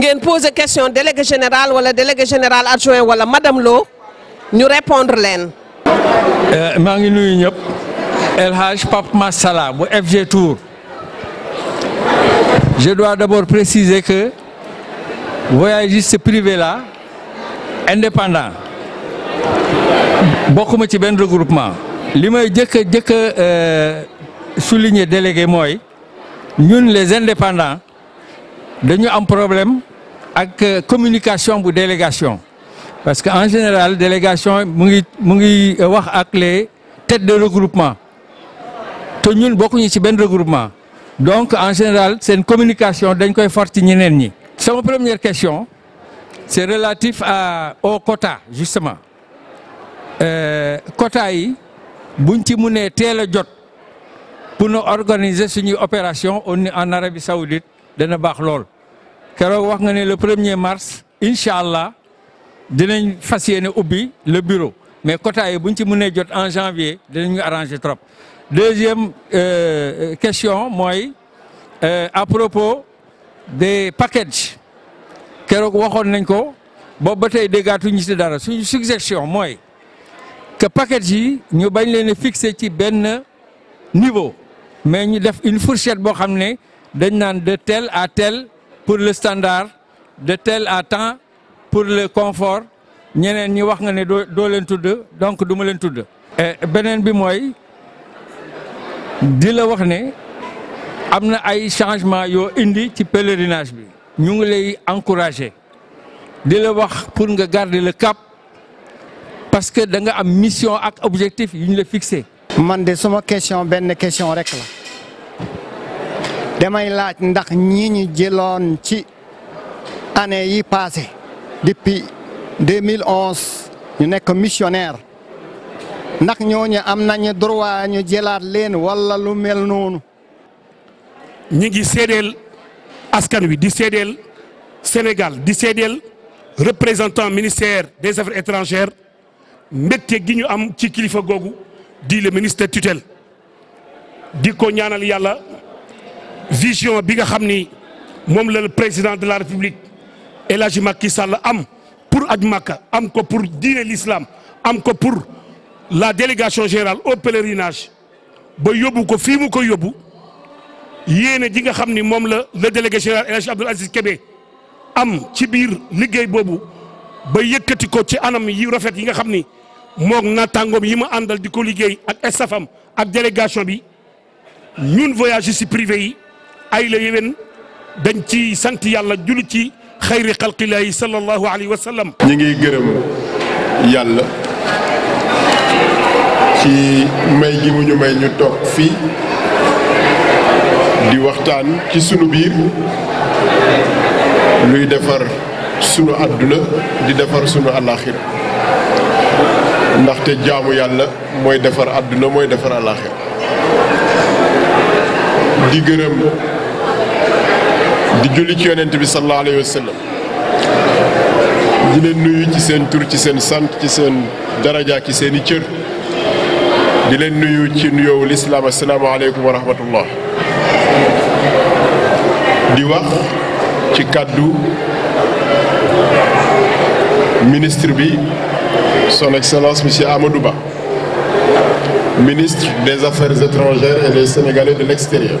pose poser question délégué général wala délégué général adjoint wala madame Lo nous répondre leen. Euh, maa ngi nuyu Pape Massala FG Tour je dois d'abord préciser que voyagiste privé là indépendant beaucoup de gens regroupement. Ce que Je veux souligner délégué moi, nous les indépendants nous avons un problème ak euh, communication bu délégation parce qu'en général délégation on vais mu euh, les têtes de regroupement te ñun beaucoup ci regroupement donc en général c'est une communication dañ est forte. C'est ñi. première question c'est relatif à au quota justement euh, quota yi buñ ci pour nous organiser une opération en Arabie Saoudite de baax lool keroog wax nga ne le premier mars incha allah dinañ fas yéene ubbi le bureau mais quota yi buñ ci mënee jot en janvier dinañu arranger trop. deuxième euh, question mooy euh, à propos des packages keroog waxoon nañ ko boobu ba tey déggaatuñu ci dara suñu suggestion mooy que package yi ñu bañ leen a fixer ci benn niveau mais ñu def une fourchette boo xam ne dañ naan de tel à tel pour le standard de tel à temps pour le confort ñeneen ñi wax nga ne doo leen donc du ma leen Et benen bi moy di la wax ne ay changement yo indi ci pèlerinage bi ñu ngi lay encourager di la wax pour nga garder le cap parce que da nga am mission ak objectif yi ñu la fixé. man de sama question benn question rek la damay laaj ndax ñi ci année yi passé depuis 2011 ñu nekk missionnaire Nous ñooñu am nañu droit ñu jëlaat leen wala lu mel ñi ngi Sénégal di représentant ministère des affaires étrangères mbégte gi ñu am ci le ministre tutelle di vision bi nga xamni le président de la république El am pour Admaka, pour dire l'islam am pour la délégation générale au pèlerinage ba ko ko le délégué général Aziz Kébé am ci bir ba anam yi rafet yi nga xamni mok na yi ak estafam délégation bi ñun voyage ici privé ay la yéwén dañ ci sant yàlla julli ci xayri xalqilaahi sallallahu alayhi wa sallam. ñu ngi gërëm yàlla ci may gi mu ñu may ñu toog fii di waxtaan ci sunu biir luy defar sunu àdduna di defar sunu àllaaxir ndaxte jaamu yàlla mooy defar àdduna mooy defar àllaaxir di gërëm. di julli ci yonent bi sallallahu alayhi wa sallam di leen nuyu ci seen tur ci seen sant ci seen daraja ci seen i di leen nuyu ci nuyoowu wa rahmatullah di wax ci ministre bi son excellence monsieur Amadou ministre des affaires étrangères et des sénégalais de l'extérieur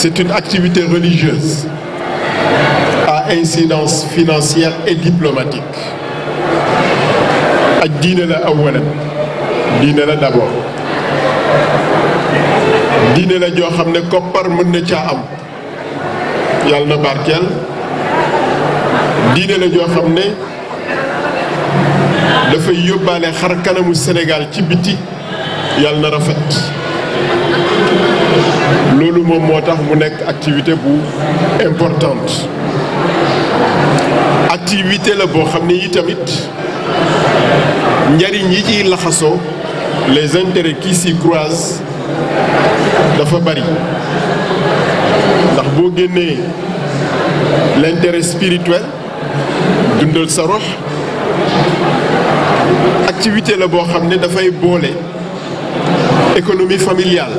C'est une activité religieuse à incidence financière et diplomatique. ak la la la d'abord dine la joo xam ne koppar mën ne caa am na la joo xam ne dafay yóbbaale Sénégal kibiti biti yàlla na rafet loolu moom moo tax mu nekk activité bu importante activité la boo xam ne yi tamit njariñ yi ciy laxasoo les intérêts qui s'y croisent dafa bari ndax boo génnee l'intérêt spirituel dundal sa rox activité la boo xam ne dafay boole économie familiale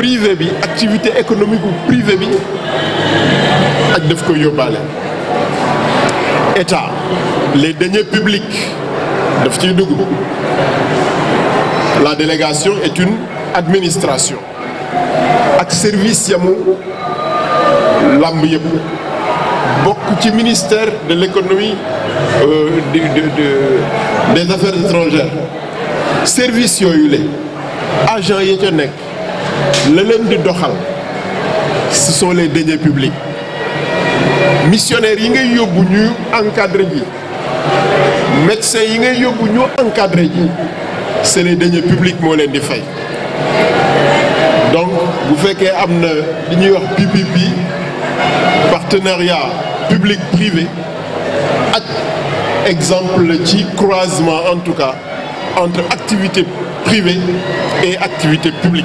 privé bi activité économique ou privé bi ak def état les deniers publics la délégation est une administration ak service yamu lamb ministère de l'économie euh, de des affaires étrangères service yooyu agent les lèvres de doxal ce sont les derniers publics missionnaires ils sont encadrés. médecins ils sont encadrés. c'est les derniers publics qui ont di donc vous faites que partenariat public privé exemple de croisement en tout cas entre activité privée et activité publique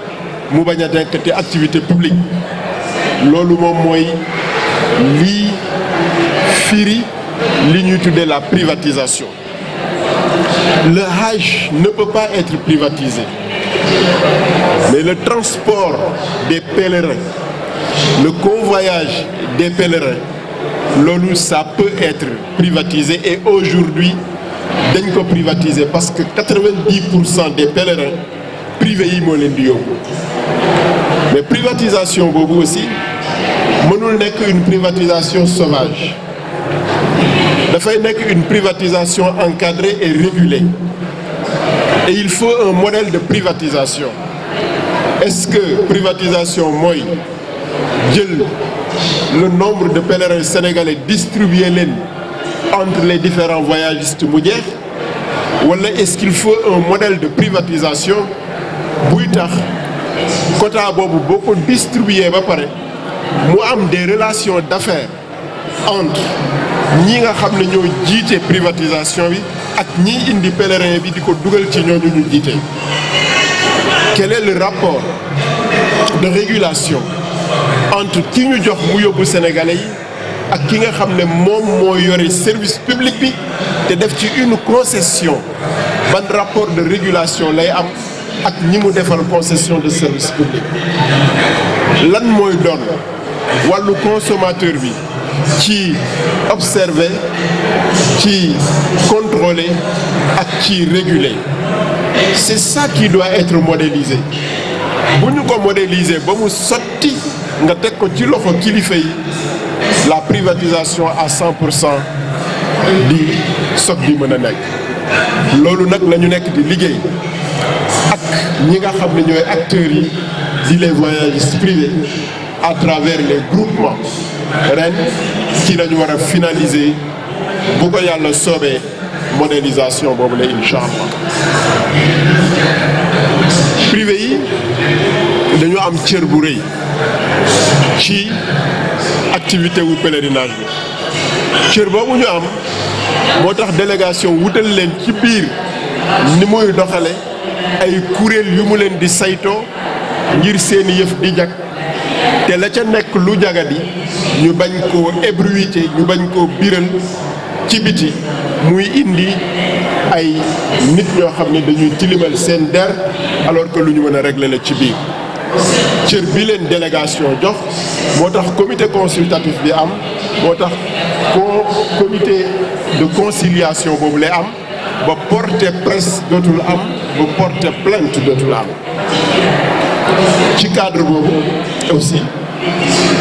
mu bañ activité publique L'Olu mom lui l'i, firi li la privatisation le Hajj ne peut pas être privatisé mais le transport des pèlerins le convoyage des pèlerins l'Olu, ça peut être privatisé et aujourd'hui dañ ko privatisé parce que 90 des pèlerins privé yi mais privatisation vous aussi nous n'est qu'une privatisation sauvage fait n'est qu'une privatisation encadrée et régulée et il faut un modèle de privatisation est-ce que privatisation moi, le nombre de pèlerins sénégalais distribués entre les différents voyagistes mu est-ce qu'il faut un modèle de privatisation buy tax quota boobu boo ko distribuer ba pare des relations d'affaires entre ñi nga xam de ñoo privatisation bi ak ñiy indi pèlerin bi di ko quel est le rapport de régulation entre qui nous jox mu yóbbu sénégalais et ak ki nga xam ne moom yori service public bi te une concession ban rapport de régulation lay ak nous faire concession de services publics. lan donne doon le consommateur qui ci qui ci contrôler ak ci c'est ça qui doit être modélisé Si nous ko modéliser ba nous sotti nga la privatisation à 100 du cent di sot di ce que nous devons faire ñi nga xam ne acteurs yi di les voyagistes privés à travers les groupements ren ci la ñu war a finaliser bu ko yàlla soobee modernisation boobu la incha allah privé yi dañu am cër bu rëy ci activité wu pèlerinage bi cër boobu ñu am moo tax délégation wutal leen ci biir ni muy doxale ay kuréel yu mu leen di saytoo ngir seeni yëf di jag te la ca nekk lu jagadi ñu bañ koo ébruité ñu bañ koo biral ci biti muy indi ay nit ñoo xam ne dañuy tilimal seen der alors que lu ñu wane a régler la ci biir cër bi leen délégation jox moo tax comité consultatif bi am moo tax comité de conciliation boobu lay am vous portez presse tout l'âme, vous portez plainte tout am ci cadre boobu aussi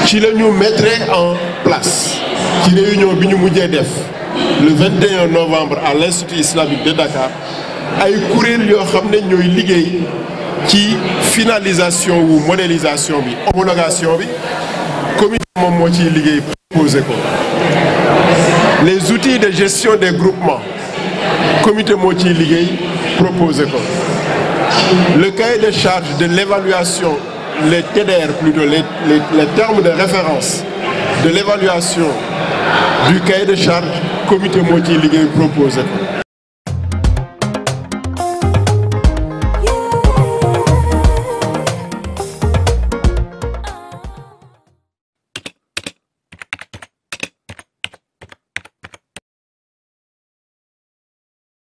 ci la nous mettre en place ci réunion bi nous mujjee le 21 novembre à l'Institut islamique de Dakar a eu courir le ramené ñooy liggéey qui finalisation ou modélisation bi homologation bi comité moom moo les outils de gestion des groupements comité moo propose proposez le cahier de charge de l'évaluation les TDR plutôt les, les, termes de référence de l'évaluation du cahier de charge comité moo propose proposez